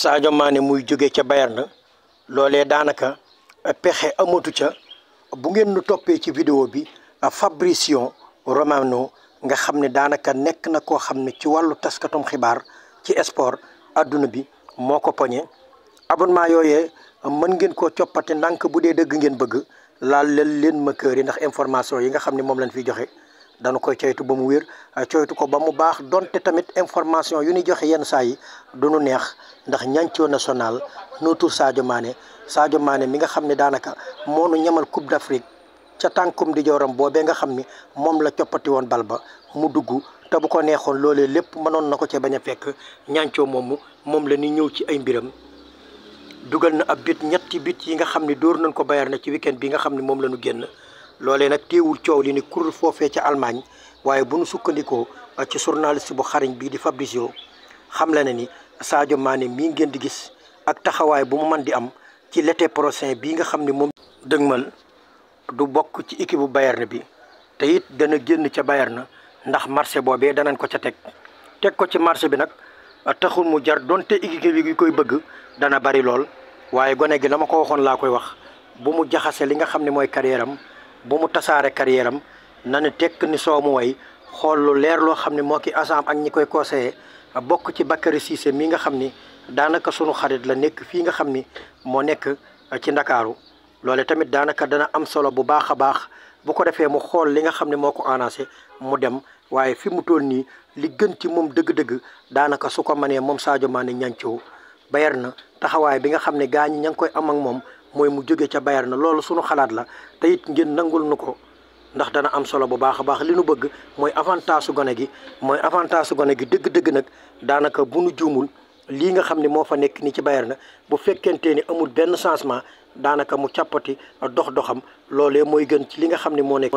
Sadio Mané muy jóge ca na loolee daanaka pexe amatu ca bu ngeen nu toppee ci vidéo bi Fabrizio Romano nga xam ne daanaka nekk na koo xam ne ci wàllu taskatum xibaar ci sport adduna bi moo ko poñe abonnement yooyee mën ngeen koo coppate ndànk bu dee dëgg ngeen bëgg laal leen ma kër yi ndax information yi nga xam ne moom lañ fiy joxe dana koy coytu ba mu wér euh, coytu ko ba mu baax donte tamit information yu ñuy joxe yenn saa yi du nu neex ndax ñancoo national nootur Sadio Mané Sadio Mané mi nga xam ne daanaka moo nu ñamal Coupe d'Afrique ca tànkum di jooram boobee nga xam ni moom la coppati woon bal ba mu dugg te bu ko neexoon loolee lépp mënoon na ko ca bañ a fekk ñancoo moom moom la ni ñëw ci ay mbiram dugal na ab bit ñetti bit yi nga xam ni dóor nañ ko bayaar na ci week bi nga xam ne moom la ñu génn loolee nag teewul coow li ni kur foofee ca Allemagne waaye bu nu sukkandikoo ci journaliste bu xariñ bii di Fabrizio xam la na ni Sadio Mané mii ngeen di gis ak taxawaay bu mu mën di am ci l'été prochain bii nga xam ni moom dëgmal du bokk ci équipe bu Bayern bi te it dana génn ca Bayern ndax marché boobee danañ ko ca teg teg ko ci marché bi nag taxul mu jar donte équipe gi koy bëgg dana bari lool waaye gone gi la ma ko waxoon laa koy wax bu mu jaxasee li nga xam ne mooy carrière bu mu tasaare carrière am na ne tekk ni soow mu way xool lu leer loo xam ne moo ki agent ak ñi koy conseillé bokk ci Bakary Cissé mii nga xam ni daanaka sunu xarit la nekk fii nga xam ni moo nekk ci ndakaaru loole tamit daanaka dana am solo bu baax a baax bu ko defee mu xool li nga xam ne moo ko annoncé mu dem waaye fi mu toll nii li gën ci moom dëgg-dëgg daanaka su ko mënee moom Sadio Mané ñancoo bayar na taxawaay bi nga xam ne gaañ ñi ña ngi koy am ak moom mooy mu jóge ca Bayern na loolu sunu xalaat la teyit it ngeen nangul nu ko ndax dana am solo bu baax a baax li nu bëgg mooy avantage su gone gi mooy avantage su gone gi dëgg-dëgg nag daanaka bu nu juumul lii nga xam ne moo fa nekk ni ci Bayern na bu fekkente ni amul benn changement daanaka mu càppati dox doxam loolee mooy gën ci li nga xam ne moo nekk